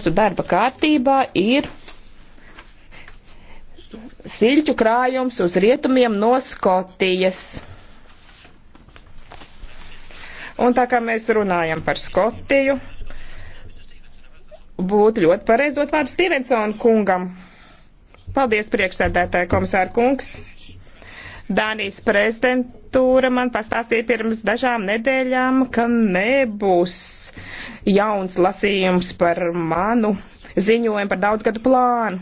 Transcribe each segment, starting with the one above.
mūsu darba kārtībā ir siļķu krājums uz rietumiem no Skotijas. Un tā kā mēs runājam par Skotiju, būtu ļoti pareizot vārdu Stevensona kungam. Paldies, priekšsēdētāja komisāra kungs! Dānijas prezidentūra man pastāstīja pirms dažām nedēļām, ka nebūs jauns lasījums par manu ziņojumu par daudzgadu plānu.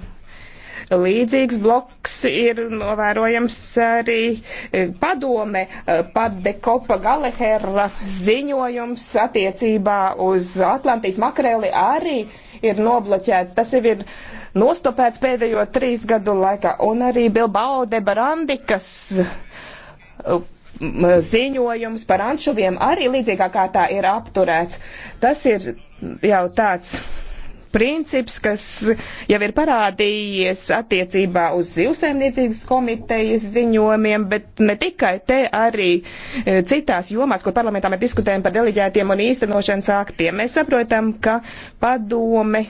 Līdzīgs bloks ir novērojams arī eh, padome eh, Padekopa Galehera ziņojums attiecībā uz Atlantijas makreli arī ir nobloķēts. Tas jau ir nostopēts pēdējo trīs gadu laikā. Un arī Bilbao de Barandikas uh, ziņojums par anšuviem arī līdzīgā kā tā ir apturēts. Tas ir jau tāds princips, kas jau ir parādījies attiecībā uz zivsaimniecības komitejas ziņojumiem, bet ne tikai te arī e, citās jomās, kur parlamentā mēs diskutējam par deleģētiem un īstenošanas aktiem. Mēs saprotam, ka padome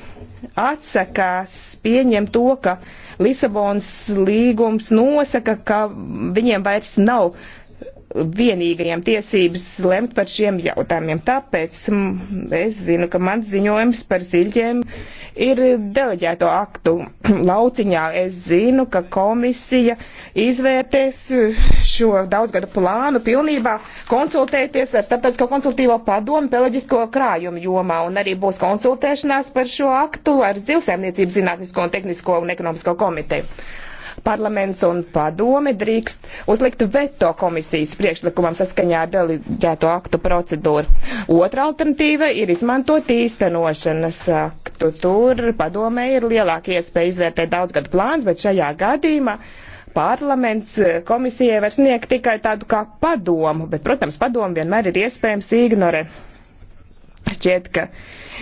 atsakās pieņemt to, ka Lisabons līgums nosaka, ka viņiem vairs nav vienīgajiem tiesības lemt par šiem jautājumiem. Tāpēc es zinu, ka mans ziņojums par ziļģiem ir deleģēto aktu lauciņā. Es zinu, ka komisija izvērtēs šo daudzgadu plānu pilnībā konsultēties ar starptautisko konsultīvo padomu peleģisko krājumu jomā un arī būs konsultēšanās par šo aktu ar zivsēmniecības zinātnisko un tehnisko un ekonomisko komiteju. Parlaments un padome drīkst uzlikt veto komisijas priekšlikumam saskaņā ar deleģēto aktu procedūru. Otra alternatīva ir izmantot īstenošanas aktu. Tur padome ir lielāka iespēja izvērtēt daudzgadu plāns, bet šajā gadījumā parlaments eh, komisijai var sniegt tikai tādu kā padomu, bet, protams, padomu vienmēr ir iespējams ignorēt šķiet, ka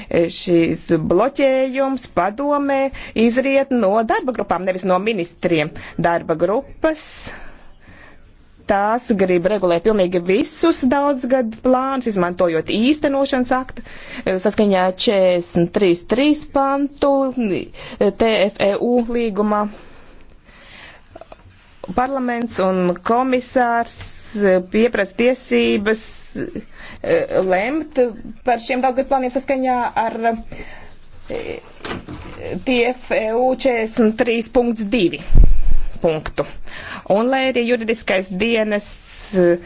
e, šis bloķējums padomē izriet no darba grupām, nevis no ministriem. Darba grupas tās grib regulēt pilnīgi visus daudzgadu plānus, izmantojot īstenošanas aktu e, saskaņā 43.3 pantu e, TFEU līgumā. Parlaments un komisārs pieprasa tiesības Eh, lemt par šiem daudzgad plāniem saskaņā ar eh, TFEU 43.2 punktu. Un lai arī juridiskais dienas eh,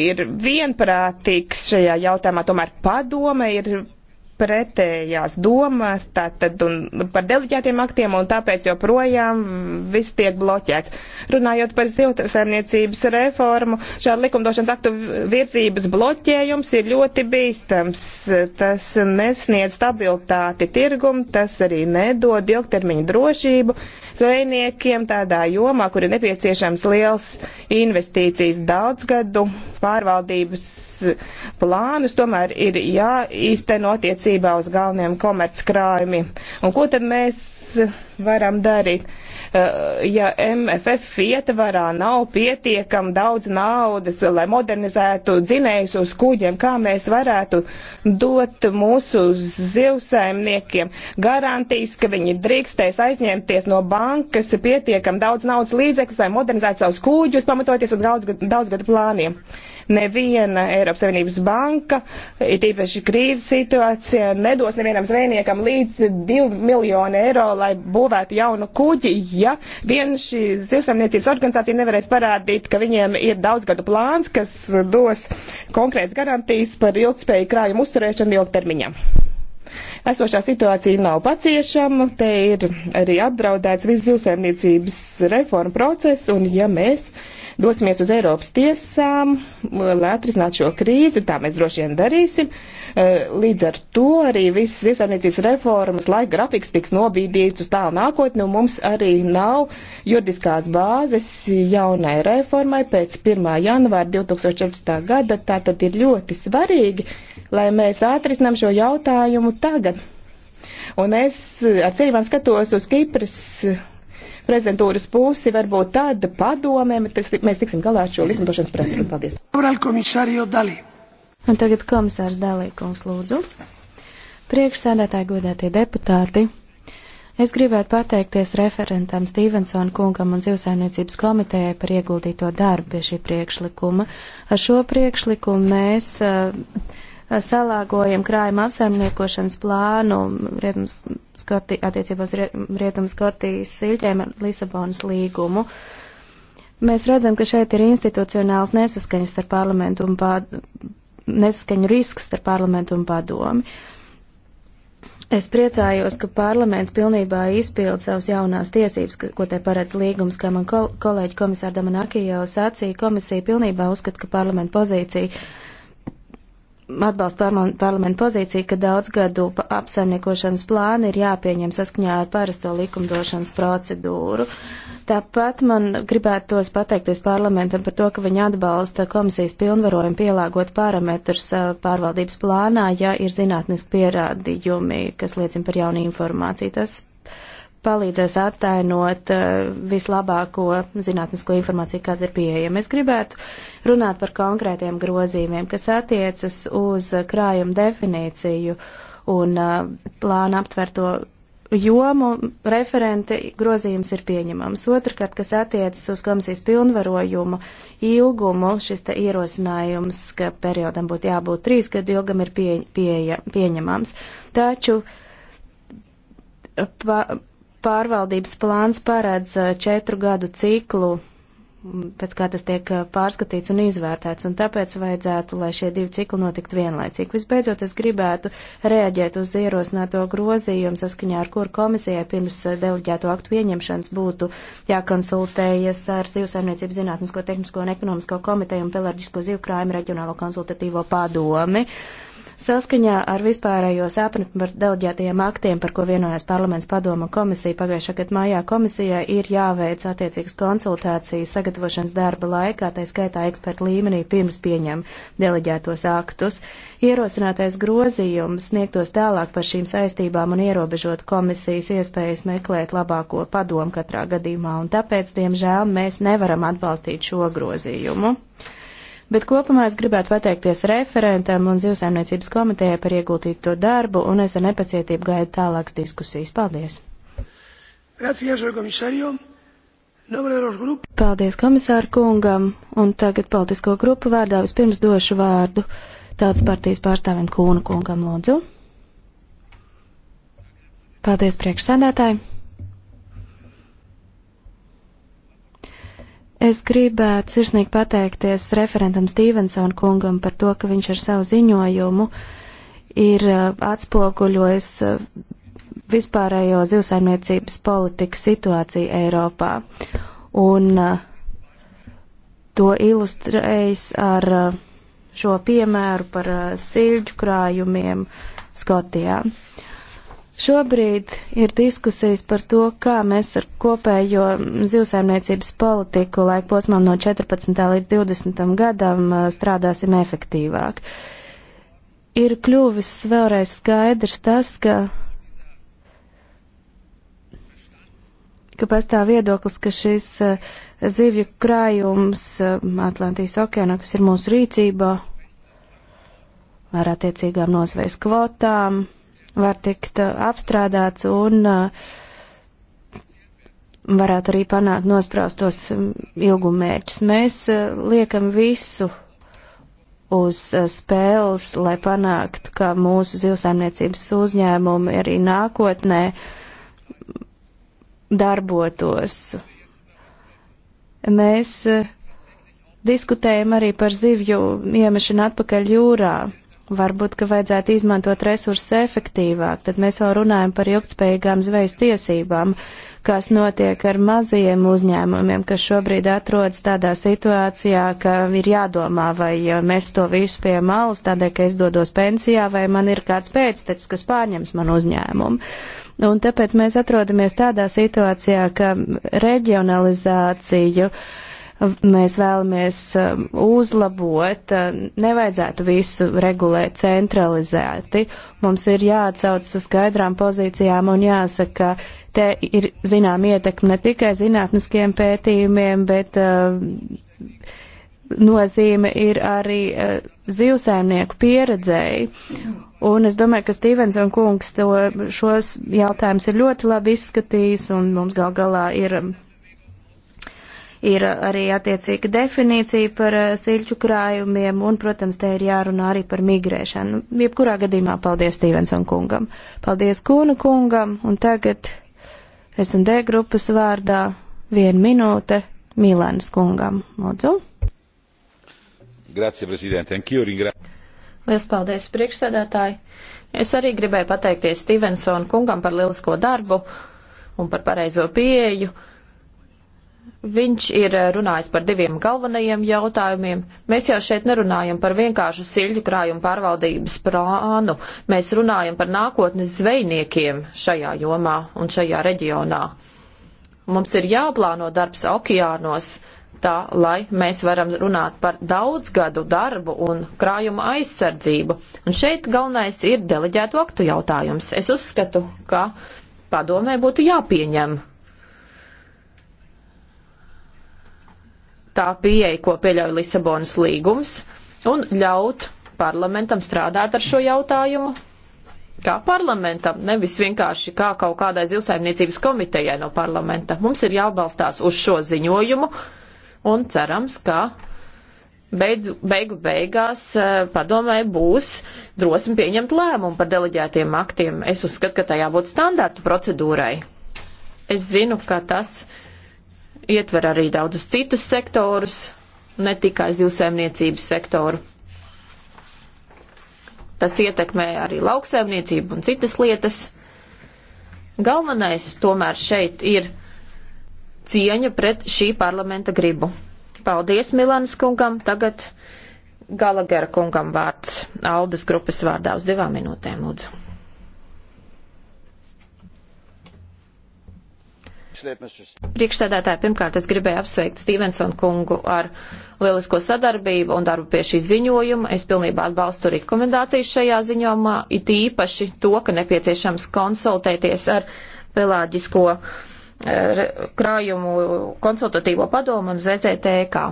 ir vienprātīgs šajā jautājumā, tomēr padome ir pretējās domas tātad, un par deliģētiem aktiem, un tāpēc joprojām viss tiek bloķēts. Runājot par ziltasaimniecības reformu, šāda likumdošanas aktu virzības bloķējums ir ļoti bīstams. Tas nesniedz stabilitāti tirgumu, tas arī nedod ilgtermiņu drošību zvejniekiem tādā jomā, kur ir nepieciešams liels investīcijas daudzgadu pārvaldības plānus tomēr ir jāīsteno attiecībā uz galveniem komerckrājumiem. Un ko tad mēs varam darīt. Eh, ja MFF ietvarā nav pietiekam daudz naudas, lai modernizētu dzinējus uz kuģiem, kā mēs varētu dot mūsu zivsaimniekiem garantijas, ka viņi drīkstēs aizņemties no bankas pietiekam daudz naudas līdzekļus, lai modernizētu savus kuģus, pamatoties uz daudzgadu daudz plāniem. Neviena Eiropas Savienības banka, it īpaši krīzes situācija, nedos nevienam zvejniekam līdz 2 miljonu eiro, lai būtu būvētu jaunu kuģi, ja vien šī zivsaimniecības organizācija nevarēs parādīt, ka viņiem ir daudzgadu plāns, kas dos konkrētas garantijas par ilgspēju krājumu uzturēšanu ilgtermiņā. Esošā situācija nav paciešama, te ir arī apdraudēts viss zivsaimniecības reforma process, un ja mēs dosimies uz Eiropas tiesām, lai atrisinātu šo krīzi, tā mēs droši vien darīsim. Eh, līdz ar to arī viss iesaimniecības reformas laika grafiks tiks nobīdīts uz tālu nākotni, un mums arī nav juridiskās bāzes jaunai reformai pēc 1. janvāra 2014. gada. Tā tad ir ļoti svarīgi, lai mēs atrisinām šo jautājumu tagad. Un es ar cerībām skatos uz Kipras prezidentūras pusi, varbūt tad padomē, mēs tiksim galā ar šo likumdošanas pretrunu. Paldies. Un tagad komisārs Dalīkums lūdzu. Priekšsēdētāji godētie deputāti. Es gribētu pateikties referentam Stevensona kungam un zivsainiecības komitejai par ieguldīto darbu pie šī priekšlikuma. Ar šo priekšlikumu mēs uh, salāgojam krājuma apsaimniekošanas plānu Skoti, attiecībā uz Rietumu Skotijas siļķiem ar Lisabonas līgumu. Mēs redzam, ka šeit ir institucionāls nesaskaņas starp parlamentu un pār, nesaskaņu risks starp parlamentu un padomi. Es priecājos, ka parlaments pilnībā izpild savas jaunās tiesības, ko te paredz līgums, kā man kol kolēģi komisāra Damanakī jau sacīja, komisija pilnībā uzskata, ka parlamenta pozīcija atbalsta parlamentu pozīciju, ka daudzgadu apsaimniekošanas plāni ir jāpieņem saskaņā ar parasto likumdošanas procedūru. Tāpat man gribētos pateikties parlamentam par to, ka viņi atbalsta komisijas pilnvarojumu pielāgot parametrus uh, pārvaldības plānā, ja ir zinātniski pierādījumi, kas liecina par jaunu informāciju. Tas palīdzēs attainot eh, vislabāko zinātnisko informāciju, kāda ir pieejama. Es gribētu runāt par konkrētiem grozījumiem, kas attiecas uz krājumu definīciju un eh, plānu aptverto jomu referente grozījums ir pieņemams. Otrakārt, kas attiecas uz komisijas pilnvarojumu ilgumu, šis te ierosinājums, ka periodam būtu jābūt trīs gadu ilgam, ir pie, pie, pieņemams. Taču pa, pārvaldības plāns paredz eh, četru gadu ciklu, pēc kā tas tiek eh, pārskatīts un izvērtēts, un tāpēc vajadzētu, lai šie divi cikli notiktu vienlaicīgi. Visbeidzot, es gribētu reaģēt uz ierosināto grozījumu, saskaņā ar kur komisijai pirms eh, deleģēto aktu pieņemšanas būtu jākonsultējas ar Sīvsaimniecības zinātnisko, tehnisko un ekonomisko komiteju un pelarģisko zivkrājumu reģionālo konsultatīvo padomi. Uh, Saskaņā ar vispārējo sapratni par deleģētajiem aktiem, par ko vienojās parlaments padoma komisija pagājušā gada mājā, komisijai ir jāveic attiecīgas konsultācijas sagatavošanas darba laikā, tā skaitā eksperta līmenī pirms pieņem deleģētos aktus. Ierosinātais grozījums sniegtos tālāk par šīm saistībām un ierobežot komisijas iespējas meklēt labāko padomu katrā gadījumā, un tāpēc, diemžēl, mēs nevaram atbalstīt šo grozījumu. Bet kopumā es gribētu pateikties referentam un zivsaimniecības komitejai par ieguldīto darbu, un es ar nepacietību gaidu tālākas diskusijas. Paldies! Gracias, Paldies komisāru kungam, un tagad politisko grupu vārdā vispirms došu vārdu tāds partijas pārstāvim Kūna kungam lūdzu. Paldies priekšsēdētāji! Es gribētu sirsnīgi pateikties referentam Stevensona kungam par to, ka viņš ar savu ziņojumu ir uh, atspoguļojis uh, vispārējo zivsaimniecības politikas situāciju Eiropā. Un uh, to ilustrējis ar šo piemēru par siļģu krājumiem Skotijā. Šobrīd ir diskusijas par to, kā mēs ar kopējo zivsaimniecības politiku laika posmām no 14. līdz 20. gadam uh, strādāsim efektīvāk. Ir kļuvis vēlreiz skaidrs tas, ka, ka pastāv viedoklis, ka šis uh, zivju krājums uh, Atlantijas okeānā, kas ir mūsu rīcībā, ar attiecīgām nozvejas kvotām, var tikt uh, apstrādāts un uh, varētu arī panākt nospraustos um, ilgumērķus. Mēs uh, liekam visu uz spēles, lai panāktu, ka mūsu zivsaimniecības uzņēmumi arī nākotnē darbotos. Mēs diskutējam arī par zivju iemešanu atpakaļ jūrā varbūt, ka vajadzētu izmantot resursus efektīvāk, tad mēs jau runājam par ilgtspējīgām zvejas tiesībām, kas notiek ar mazajiem uzņēmumiem, kas šobrīd atrodas tādā situācijā, ka ir jādomā, vai mēs to visu pie malas, tādēļ, ka es dodos pensijā, vai man ir kāds pēctecis, kas pārņems man uzņēmumu. Un tāpēc mēs atrodamies tādā situācijā, ka reģionalizāciju uh, mēs vēlamies um, uzlabot, uh, nevajadzētu visu regulēt centralizēti. Mums ir jāatsauc uz skaidrām pozīcijām un jāsaka, ka te ir zinām ietekme ne tikai zinātniskiem pētījumiem, bet uh, nozīme ir arī uh, zivsēmnieku pieredzēji. Un es domāju, ka Stīvens un kungs to, šos jautājumus ir ļoti labi izskatījis, un mums gal galā ir um, ir arī attiecīga definīcija par eh, siļķu krājumiem, un, protams, te ir jārunā arī par migrēšanu. Jebkurā gadījumā paldies Stevenson kungam. Paldies Kūna kungam, un tagad S&D grupas vārdā viena minūte Milēnas kungam. Lūdzu. Grazie, prezidente. Anch'io ringrazio. Lielas paldies, priekšsēdētāji. Es arī gribēju pateikties Stevensona kungam par lielisko darbu un par pareizo pieeju. Viņš ir eh, runājis par diviem galvenajiem jautājumiem. Mēs jau šeit nerunājam par vienkāršu siļu krājumu pārvaldības plānu. Mēs runājam par nākotnes zvejniekiem šajā jomā un šajā reģionā. Mums ir jāplāno darbs okeānos tā, lai mēs varam runāt par daudzgadu darbu un krājumu aizsardzību. Un šeit galvenais ir deleģētu aktu jautājums. Es uzskatu, ka padomē būtu jāpieņem tā pieeja, ko pieļauj Lisabonas līgums, un ļaut parlamentam strādāt ar šo jautājumu. Kā parlamentam, nevis vienkārši kā kaut kādai zivsaimniecības komitejai no parlamenta. Mums ir jābalstās uz šo ziņojumu un cerams, ka beidzu, beigu beigās eh, padomē būs drosmi pieņemt lēmumu par deleģētiem aktiem. Es uzskatu, ka tajā būtu standārtu procedūrai. Es zinu, ka tas ir ietver arī daudzus citus sektorus, ne tikai zivsēmniecības sektoru. Tas ietekmē arī lauksēmniecību un citas lietas. Galvenais tomēr šeit ir cieņa pret šī parlamenta gribu. Paldies Milanas kungam, tagad Galagera kungam vārds Aldas grupas vārdā uz divām minūtēm, lūdzu. Priekšstādātāji, pirmkārt, es gribēju apsveikt Stevensonu kungu ar lielisko sadarbību un darbu pie šī ziņojuma. Es pilnībā atbalstu rekomendācijas šajā ziņojumā, it īpaši to, ka nepieciešams konsultēties ar pelāģisko er, krājumu konsultatīvo padomu un ZZTK.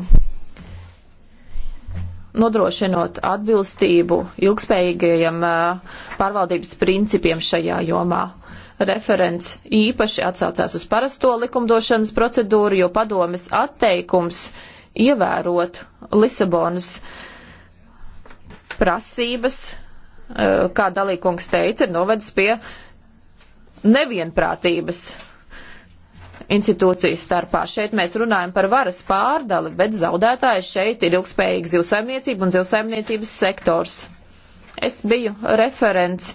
Nodrošinot atbilstību ilgspējīgajiem eh, pārvaldības principiem šajā jomā Referents īpaši atsaucās uz parasto likumdošanas procedūru, jo padomis atteikums ievērot Lisabonas prasības, eh, kā dalīkungs teica, ir novedis pie nevienprātības institūciju starpā. Šeit mēs runājam par varas pārdali, bet zaudētājs šeit ir ilgspējīga zivsaimniecība un zivsaimniecības sektors. Es biju referents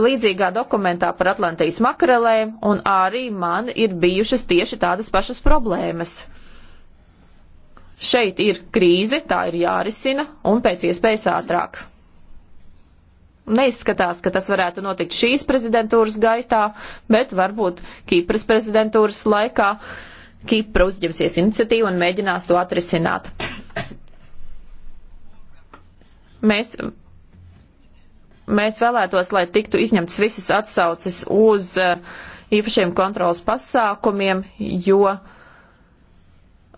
līdzīgā dokumentā par Atlantijas makarelēm, un arī man ir bijušas tieši tādas pašas problēmas. Šeit ir krīze, tā ir jārisina, un pēc iespējas ātrāk. Neizskatās, ka tas varētu notikt šīs prezidentūras gaitā, bet varbūt Kīpras prezidentūras laikā Kīpra uzņemsies iniciatīvu un mēģinās to atrisināt. Mēs mēs vēlētos, lai tiktu izņemts visas atsauces uz eh, īpašiem kontrolas pasākumiem, jo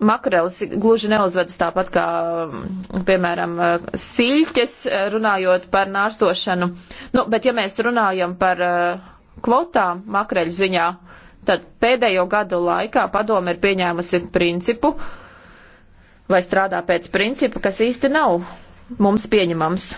makrelis gluži neuzvedas tāpat kā, mm, piemēram, eh, siļķes, eh, runājot par nārstošanu. Nu, bet ja mēs runājam par kvotām makreļu ziņā, tad pēdējo gadu laikā padome ir pieņēmusi principu vai strādā pēc principa, kas īsti nav mums pieņemams.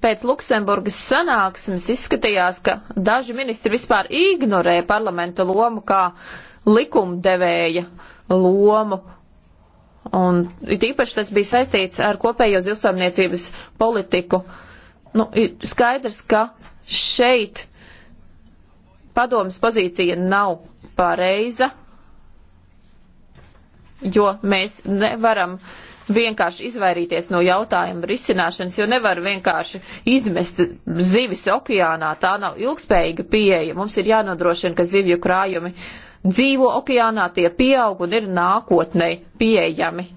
pēc Luksemburgas sanāksmes izskatījās, ka daži ministri vispār ignorē parlamenta lomu kā likumdevēja lomu. Un it īpaši tas bija saistīts ar kopējo zilsaimniecības politiku. Nu, ir skaidrs, ka šeit padomas pozīcija nav pareiza, jo mēs nevaram uh, vienkārši izvairīties no jautājuma risināšanas, jo nevar vienkārši izmest zivis okeānā. Tā nav ilgspējīga pieeja. Mums ir jānodrošina, ka zivju krājumi dzīvo okeānā, tie pieaug un ir nākotnē pieejami.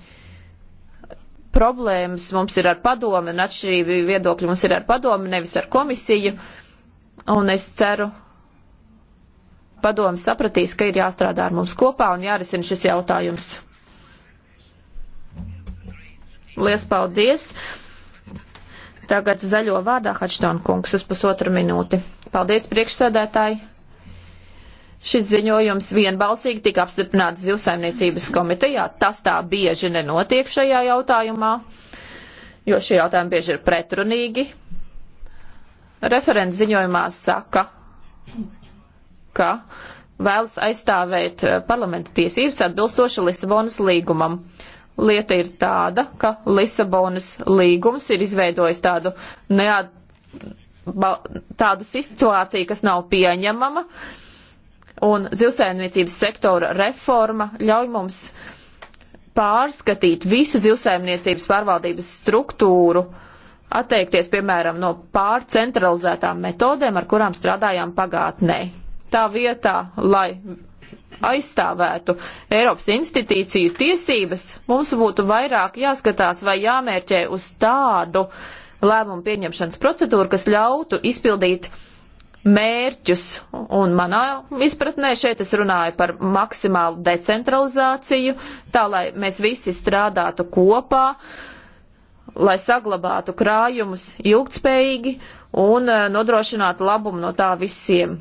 Problēmas mums ir ar padomu un atšķirīgi viedokļi mums ir ar padomu, nevis ar komisiju. Un es ceru, padomu sapratīs, ka ir jāstrādā ar mums kopā un jārisina šis jautājums. Lies paldies! Tagad zaļo vārdā Hačtona kungs uz pusotru minūti. Paldies, priekšsēdētāji! Šis ziņojums vienbalsīgi tika apstiprināts zivsaimniecības komitejā. Tas tā bieži nenotiek šajā jautājumā, jo šie jautājumi bieži ir pretrunīgi. Referents ziņojumā saka, ka vēlas aizstāvēt eh, parlamenta tiesības atbilstoši Lisabonas līgumam. Uh, Lieta ir tāda, ka Lisabonas līgums ir izveidojis tādu, neat, ba, tādu situāciju, kas nav pieņemama, un zivsaimniecības sektora reforma ļauj mums pārskatīt visu zivsaimniecības pārvaldības struktūru, atteikties, piemēram, no pārcentralizētām metodēm, ar kurām strādājām pagātnē. Tā vietā, lai aizstāvētu Eiropas institīciju tiesības, mums būtu vairāk jāskatās vai jāmērķē uz tādu lēmumu pieņemšanas procedūru, kas ļautu izpildīt mērķus. Un manā izpratnē šeit es runāju par maksimālu decentralizāciju, tā lai mēs visi strādātu kopā, lai saglabātu krājumus ilgtspējīgi un eh, nodrošinātu labumu no tā visiem.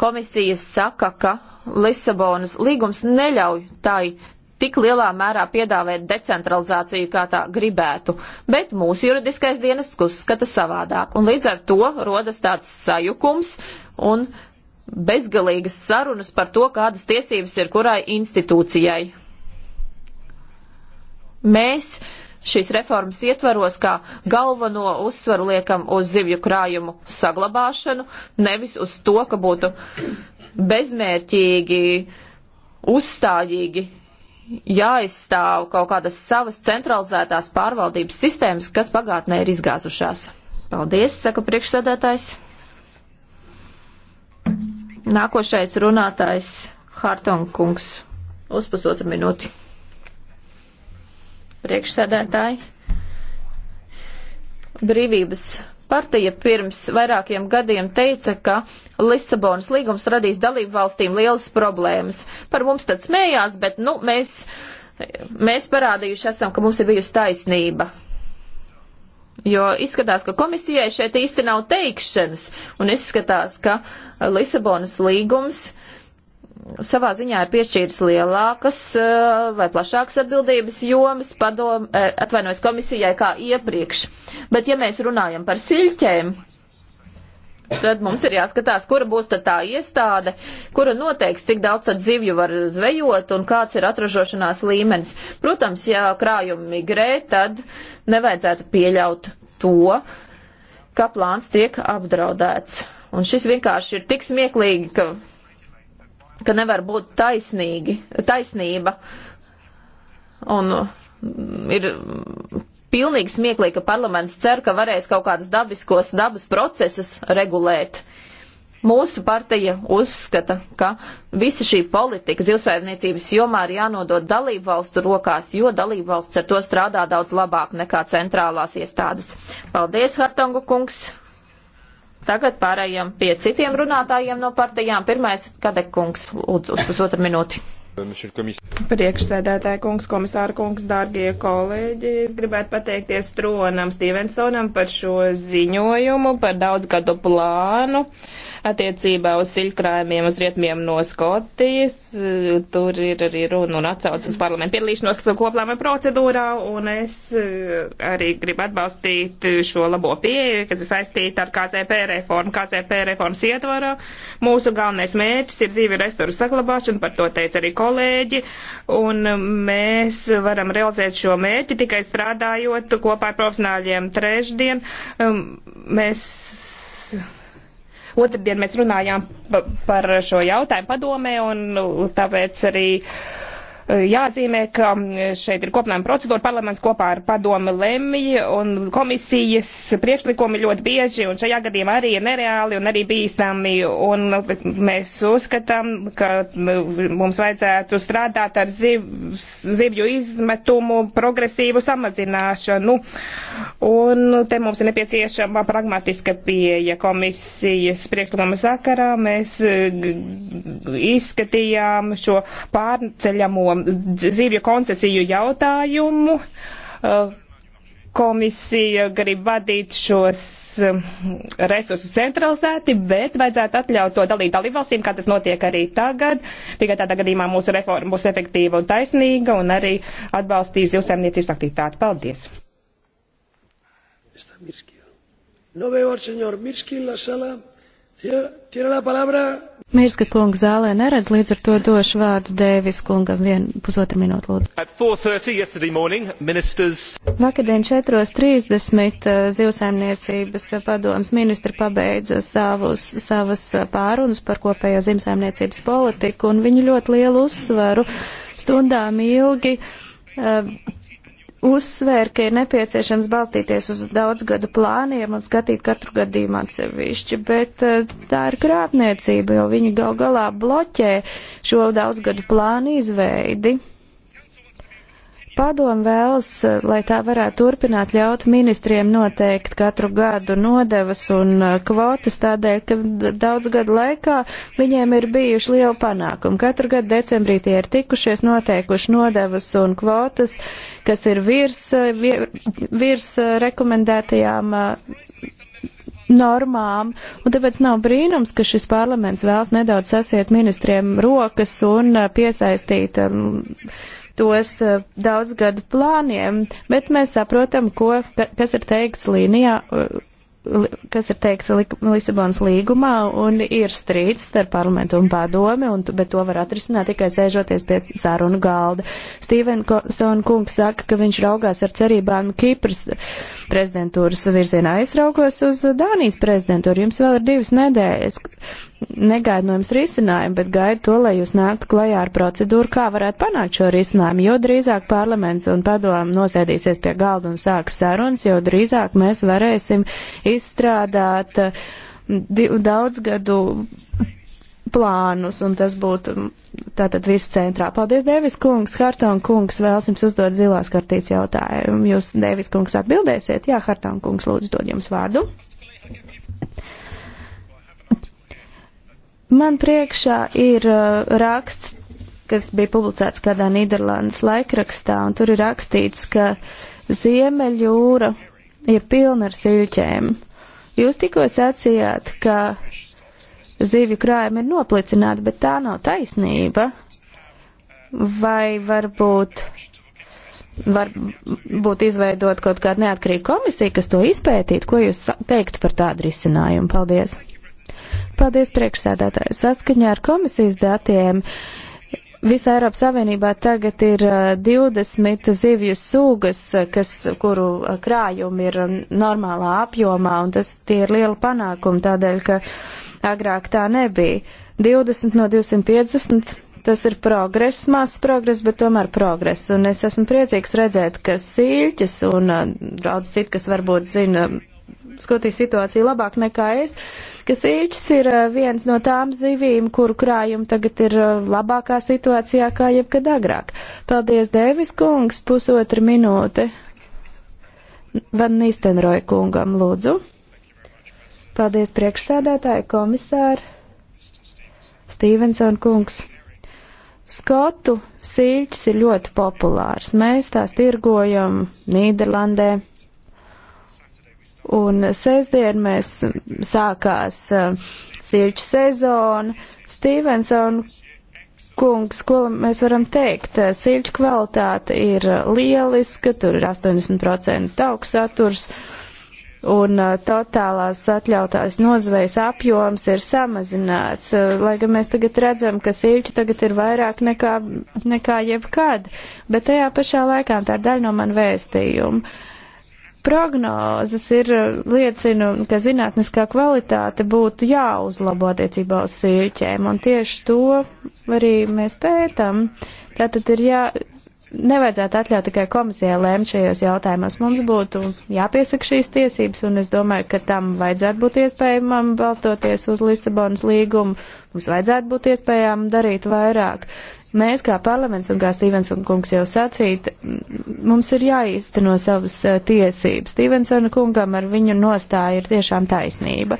Komisijas saka, ka Lisabonas līgums neļauj tai tik lielā mērā piedāvēt decentralizāciju, kā tā gribētu, bet mūsu juridiskais dienests uzskata savādāk, un līdz ar to rodas tāds sajukums un bezgalīgas sarunas par to, kādas tiesības ir kurai institūcijai. Mēs šīs reformas ietvaros kā galveno uzsvaru liekam uz zivju krājumu saglabāšanu, nevis uz to, ka būtu bezmērķīgi, uzstājīgi jāizstāv kaut kādas savas centralizētās pārvaldības sistēmas, kas pagātnē ir izgāzušās. Paldies, saka priekšsēdētājs. Nākošais runātājs Hartongkungs uz pusotru minūti. Priekšsēdētāji, brīvības partija pirms vairākiem gadiem teica, ka Lisabonas līgums radīs dalību valstīm lielas problēmas. Par mums tad smējās, bet nu, mēs, mēs parādījuši esam, ka mums ir bijusi taisnība. Jo izskatās, ka komisijai šeit īsti nav teikšanas, un izskatās, ka Lisabonas līgums savā ziņā ir piešķīris lielākas eh, vai plašākas atbildības jomas, padom, eh, atvainojas komisijai kā iepriekš. Bet ja mēs runājam par siļķēm, tad mums ir jāskatās, kura būs tā iestāde, kura noteiks, cik daudz zivju var zvejot un kāds ir atražošanās līmenis. Protams, ja krājumi migrē, tad nevajadzētu pieļaut to, ka plāns tiek apdraudēts. Un šis vienkārši ir tik smieklīgi, ka, ka nevar būt taisnīgi, taisnība. Un ir pilnīgi smieklīgi, ka parlaments cer, ka varēs kaut kādus dabiskos dabas procesus regulēt. Mūsu partija uzskata, ka visa šī politika zilsaimniecības jomā ir jānodod dalību valstu rokās, jo dalību valsts ar to strādā daudz labāk nekā centrālās iestādes. Paldies, Hartongu kungs! Tagad pārējām pie citiem runātājiem no partijām. Pirmais, Kadek kungs, lūdzu, uz pusotru minūti. Priekšsēdētāja kungs, komisāra kungs, dārgie kolēģi, es gribētu pateikties Tronam Stevensonam par šo ziņojumu, par daudzgadu plānu attiecībā uz siļkrājumiem uz rietumiem no Skotijas. Tur ir arī runa un atsauc uz parlamentu piedalīšanos koplāma procedūrā, un es eh, arī gribu atbalstīt šo labo pieeju, kas ir saistīta ar KCP reformu, KCP reformas ietvarā. Mūsu galvenais mērķis ir dzīvi resursu saglabāšana, par to teica arī komisāra kolēģi, un mēs varam realizēt šo mērķi tikai strādājot kopā ar profesionāļiem trešdien. Um, mēs otrdien mēs runājām par šo jautājumu padomē, un tāpēc arī. Uh, jāatzīmē, ka mm, šeit ir koplēma procedūra, parlaments kopā ar padomu lemj, un komisijas priekšlikumi ļoti bieži, un šajā gadījumā arī ir nereāli un arī bīstami, un mēs uzskatām, ka mm, mums vajadzētu strādāt ar ziv, zivju izmetumu progresīvu samazināšanu, un te mums ir nepieciešama pragmatiska pieeja komisijas priekšlikuma sakarā. Mēs mm, izskatījām šo pārceļamo zivju koncesiju jautājumu. Uh, komisija grib vadīt šos um, resursus centralizēti, bet vajadzētu atļaut to dalīt dalībvalstīm, kā tas notiek arī tagad. Tikai tādā gadījumā mūsu reforma būs efektīva un taisnīga un arī atbalstīs zivsēmniecības aktivitāti. Paldies! No veo al señor Mirsky en la sala. Tiene la palabra Mirska kunga zālē neredz, līdz ar to došu vārdu Dēvis kungam vienu pusotru minūtu lūdzu. Morning, ministers... Vakardien 4.30 uh, zivsaimniecības uh, padomas ministri pabeidza uh, savus, savas pārunas par kopējo zivsaimniecības politiku un viņu ļoti lielu uzsvaru stundām ilgi. Uh, uzsvēra, ka ir nepieciešams balstīties uz daudzgadu plāniem un skatīt katru gadījumu atsevišķi, bet eh, tā ir krāpniecība, jo viņi gal galā bloķē šo daudzgadu plānu izveidi. Padomu vēlas, eh, lai tā varētu turpināt ļaut ministriem noteikt katru gadu nodevas un eh, kvotas tādēļ, ka daudz gadu laikā viņiem ir bijuši liela panākuma. Katru gadu decembrī tie ir tikušies noteikuši nodevas un kvotas, kas ir virs, eh, vir, virs rekomendētajām normām, un tāpēc nav brīnums, ka šis parlaments vēlas nedaudz sasiet ministriem rokas un piesaistīt tos eh, daudz gadu plāniem, bet mēs saprotam, ko, kas ir teikts līnijā eh, kas ir teikts Lisabonas līgumā, un ir strīds starp parlamentu un padomi, un, bet to var atrisināt tikai sēžoties pie sārunu galda. Stevenson kungs saka, ka viņš raugās ar cerībām Kipras prezidentūras virzienā. Es raugos uz Dānijas prezidentūru. Jums vēl ir divas nedēļas negaidu no jums risinājumu, bet gaidu to, lai jūs nāktu klajā ar procedūru, kā varētu panākt šo risinājumu, jo drīzāk parlaments un padomu nosēdīsies pie galda un sāks sarunas, jo drīzāk mēs varēsim izstrādāt eh, daudzgadu plānus, un tas būtu tātad viss centrā. Paldies, Devis kungs, Hartong kungs, vēlas jums uzdot zilās kartīts jautājumu. Jūs, Devis kungs, atbildēsiet? Jā, Hartong kungs, lūdzu, dod jums vārdu. Man priekšā ir uh, raksts, kas bija publicēts kādā Nīderlandes laikrakstā, un tur ir rakstīts, ka Ziemeļjūra ir pilna ar siļķēm. Jūs tikko sacījāt, ka zivju krājumi ir noplicināti, bet tā nav taisnība. Vai varbūt var būt izveidot kaut kādu neatkarīgu komisiju, kas to izpētītu? Ko jūs teiktu par tādu risinājumu? Paldies! Paldies, priekšsēdētāji. Saskaņā ar komisijas datiem. Visā Eiropas Savienībā tagad ir 20 uh, zivju sugas, uh, kas, kuru uh, krājumi ir um, normālā apjomā, un tas tie ir liela panākuma tādēļ, ka agrāk tā nebija. 20 no 250 tas ir progress, mazs progress, bet tomēr progress. Un es esmu priecīgs redzēt, ka sīļķis un daudz citu, kas varbūt zina skotī situāciju labāk nekā es, uh, ka sīļķis ir eh, viens no tām zivīm, kuru krājumi tagad ir eh, labākā situācijā kā jebkad agrāk. Paldies, Dēvis kungs, pusotra minūte. Van Nistenroja kungam, lūdzu. Paldies, priekšsēdētāji, komisāri. Stevenson kungs. Skotu sīļķis ir ļoti populārs. Mēs tās tirgojam Nīderlandē, Un sestdien mēs sākās uh, sirču sezona. Stevenson kungs, ko mēs varam teikt? Uh, sirču kvalitāte ir lieliska, tur ir 80% tauku saturs. Un uh, totālās atļautās nozvejas apjoms ir samazināts, uh, lai gan mēs tagad redzam, ka sīļķi tagad ir vairāk nekā, nekā jebkad, bet tajā pašā laikā tā ir daļa no man vēstījuma. Uh, prognozes ir eh, liecina, ka zinātniskā kvalitāte būtu jāuzlabo attiecībā uz sīķēm, un tieši to arī mēs pētam. Tātad ir jā, nevajadzētu atļaut tikai komisijai lēmt šajos jautājumos. Mums būtu jāpiesaka šīs tiesības, un es domāju, ka tam vajadzētu būt iespējamam balstoties uz Lisabonas līgumu. Mums vajadzētu būt iespējām darīt vairāk. Mēs, kā parlaments un kā Stevensona kungs jau sacīt, mums ir jāīsteno savas eh, tiesības. Stevensona kungam ar viņu nostāja ir tiešām taisnība.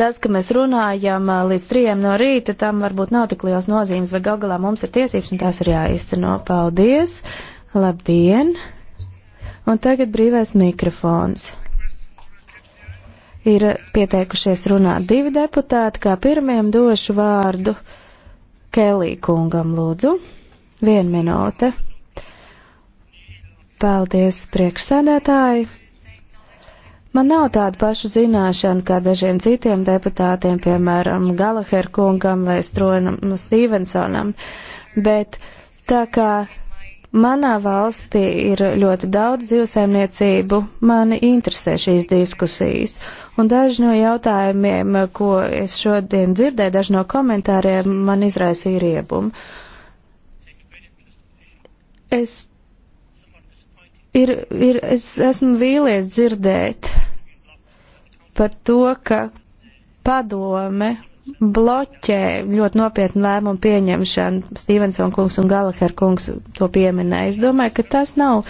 Tas, ka mēs runājam eh, līdz trijiem no rīta, tam varbūt nav tik liels nozīmes, bet gal galā mums ir tiesības un tās ir jāīsteno. Paldies! Labdien! Un tagad brīvais mikrofons. Ir pieteikušies runāt divi deputāti, kā pirmiem došu vārdu. Uh, Kelī kungam lūdzu. Vienu minūte. Paldies, priekšsēdētāji. Man nav tāda paša zināšana kā dažiem citiem deputātiem, piemēram, Galaher kungam vai Stronam Stevensonam, bet tā kā manā valstī ir ļoti daudz zivsaimniecību, mani interesē šīs diskusijas. Uh, Un daži no jautājumiem, ko es šodien dzirdēju, daži no komentāriem man izraisīja riebumu. Es, ir, ir, es esmu vīlies dzirdēt par to, ka padome bloķē ļoti nopietnu lēmumu pieņemšanu. Stevenson kungs un Galaher kungs to pieminēja. Es domāju, ka tas nav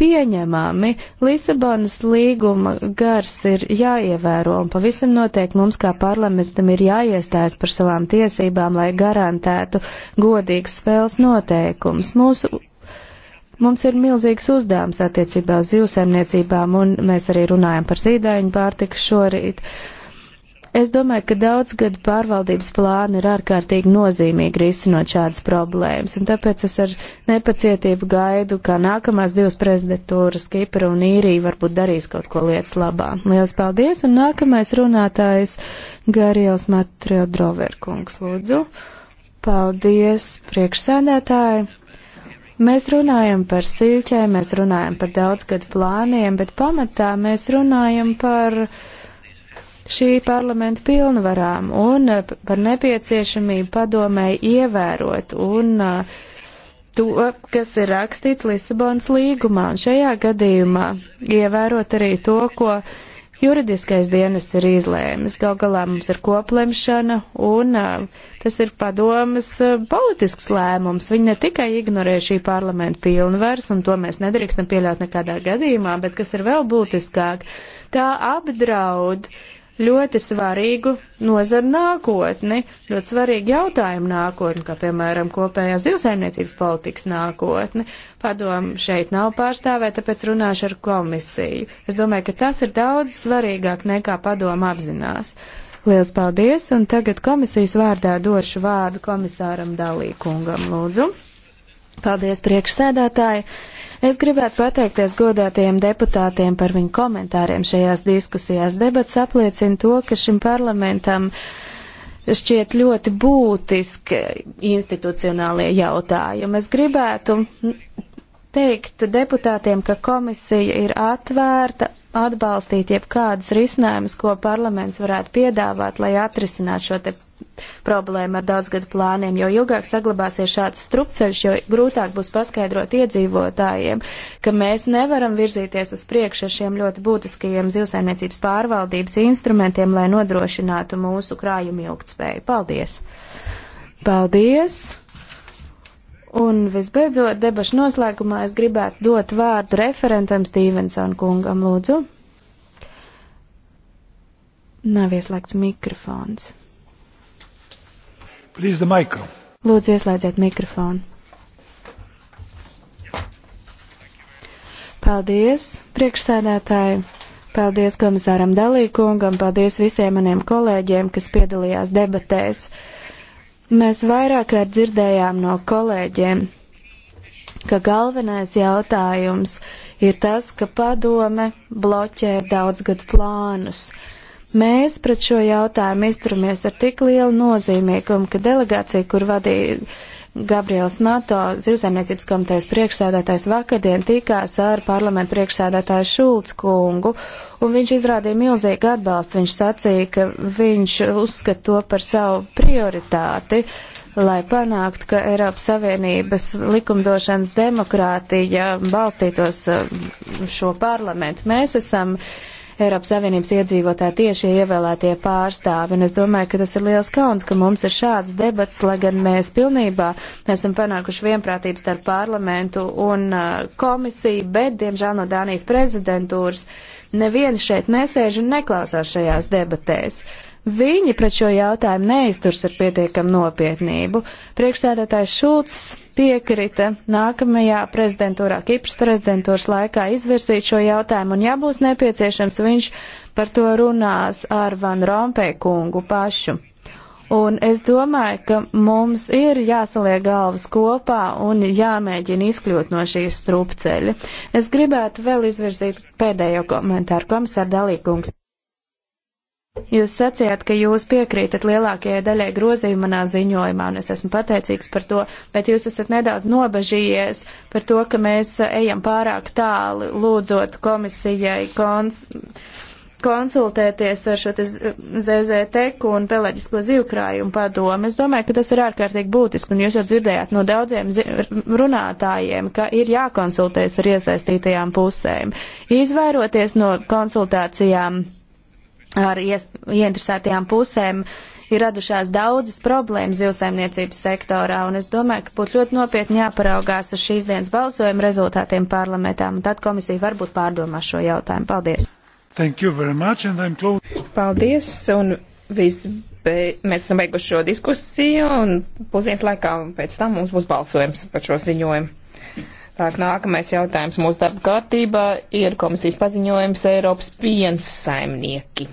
pieņemami. Lisabonas līguma gars ir jāievēro un pavisam noteikti mums kā parlamentam ir jāiestājas par savām tiesībām, lai garantētu godīgus spēles noteikumus. Mūsu Mums ir milzīgs uzdevums attiecībā uz zivsaimniecībām, un mēs arī runājam par zīdaiņu pārtiku šorīt. Uh, Es domāju, ka daudzgadu pārvaldības plāni ir ārkārtīgi nozīmīgi risinot šādas problēmas, un tāpēc es ar nepacietību gaidu, kā nākamās divas prezidentūras, Kipra un Īrija, varbūt darīs kaut ko lietas labā. Lielas paldies, un nākamais runātājs Garijals Matrio Droverkungs, lūdzu. Paldies, priekšsēdētāji! Mēs runājam par silķēm, mēs runājam par daudzgadu plāniem, bet pamatā mēs runājam par uh, šī parlamenta pilnvarām un eh, par nepieciešamību padomēji ievērot un eh, to, kas ir rakstīts Lisabonas līgumā. Un šajā gadījumā ievērot arī to, ko juridiskais dienests ir izlēmis. Gal galā mums ir koplemšana un eh, tas ir padomas politisks lēmums. Viņi ne tikai ignorē šī parlamenta pilnvars, un to mēs nedrīkstam pieļaut nekādā gadījumā, bet kas ir vēl būtiskāk, tā apdraud uh, ļoti svarīgu nozaru nākotni, ļoti svarīgu jautājumu nākotni, kā piemēram kopējā zivsaimniecības politikas nākotni. Padomu šeit nav pārstāvē, tāpēc runāšu ar komisiju. Es domāju, ka tas ir daudz svarīgāk nekā padomu apzinās. Liels paldies, un tagad komisijas vārdā došu vārdu komisāram Dalīkungam, lūdzu. Paldies, priekšsēdētāji! Es gribētu pateikties godātajiem deputātiem par viņu komentāriem šajās diskusijās. Debats apliecina to, ka šim parlamentam šķiet ļoti būtiski institucionālie jautājumi. Es gribētu teikt deputātiem, ka komisija ir atvērta atbalstīt jebkādus risinājumus, ko parlaments varētu piedāvāt, lai atrisinātu šo te problēma ar daudzgadu plāniem, jo ilgāk saglabāsies šāds strupceļš, jo grūtāk būs paskaidrot iedzīvotājiem, ka mēs nevaram virzīties uz priekšu ar šiem ļoti būtiskajiem zivsaimniecības pārvaldības instrumentiem, lai nodrošinātu mūsu krājumu ilgtspēju. Paldies! Paldies! Un visbeidzot, debašu noslēgumā es gribētu dot vārdu referentam Stevenson kungam, lūdzu. Nav ieslēgts mikrofons. Lūdzu, ieslēdziet mikrofonu. Paldies, priekšsēdētāji! Paldies komisāram Dalīkungam, paldies visiem maniem kolēģiem, kas piedalījās debatēs. Mēs vairāk kārt dzirdējām no kolēģiem, ka galvenais jautājums ir tas, ka padome bloķē daudzgad plānus. Uh, Mēs pret šo jautājumu izturamies ar tik lielu nozīmīgumu, ka delegācija, kur vadīja Gabriels Mato, Zivsaimniecības komitejas priekšsēdētājs vakardien tikās ar parlamentu priekšsēdētāju Šulc kungu, un viņš izrādīja milzīgu atbalstu. Viņš sacīja, ka viņš uzskata to par savu prioritāti, lai panāktu, ka Eiropas Savienības likumdošanas demokrātija balstītos uh, šo parlamentu. Mēs esam uh, Eiropas Savienības iedzīvotāji tieši ievēlētie pārstāvi. Un es domāju, ka tas ir liels kauns, ka mums ir šāds debats, lai gan mēs pilnībā esam panākuši vienprātības starp parlamentu un uh, komisiju, bet, diemžēl, no Dānijas prezidentūras neviens šeit nesēž un neklausās šajās debatēs. Viņi pret šo jautājumu neizturs ar pietiekam nopietnību. Priekšsēdētājs Šulcs piekrita nākamajā prezidentūrā, Kipras prezidentūras laikā izvirsīt šo jautājumu, un ja būs nepieciešams, viņš par to runās ar Van Rompē kungu pašu. Un es domāju, ka mums ir jāsaliek galvas kopā un jāmēģina izkļūt no šīs strupceļa. Es gribētu vēl izvirzīt pēdējo komentāru komisāra Dalīkungs. Jūs sacījāt, ka jūs piekrītat lielākajai daļai grozījumu manā ziņojumā, un es esmu pateicīgs par to, bet jūs esat nedaudz nobežījies par to, ka mēs ejam pārāk tālu, lūdzot komisijai kons konsultēties ar šo ZZTK un peleģisko zivkrājumu padomu. Es domāju, ka tas ir ārkārtīgi būtiski, un jūs jau dzirdējāt no daudziem runātājiem, ka ir jākonsultēs ar iesaistītajām pusēm, izvairoties no konsultācijām ar ieinteresētajām pusēm ir radušās daudzas problēmas zivsaimniecības sektorā, un es domāju, ka būtu ļoti nopietni jāparaugās uz šīs dienas balsojuma rezultātiem parlamentām, un tad komisija varbūt pārdomās šo jautājumu. Paldies! Thank you very much, and I'm close. Paldies, un visbe... mēs esam beiguši šo diskusiju, un pusdienas laikā pēc tam mums būs balsojums par šo ziņojumu. Tak nākamais jautājums mūsu darba kārtībā ir komisijas paziņojums Eiropas piensaimnieki.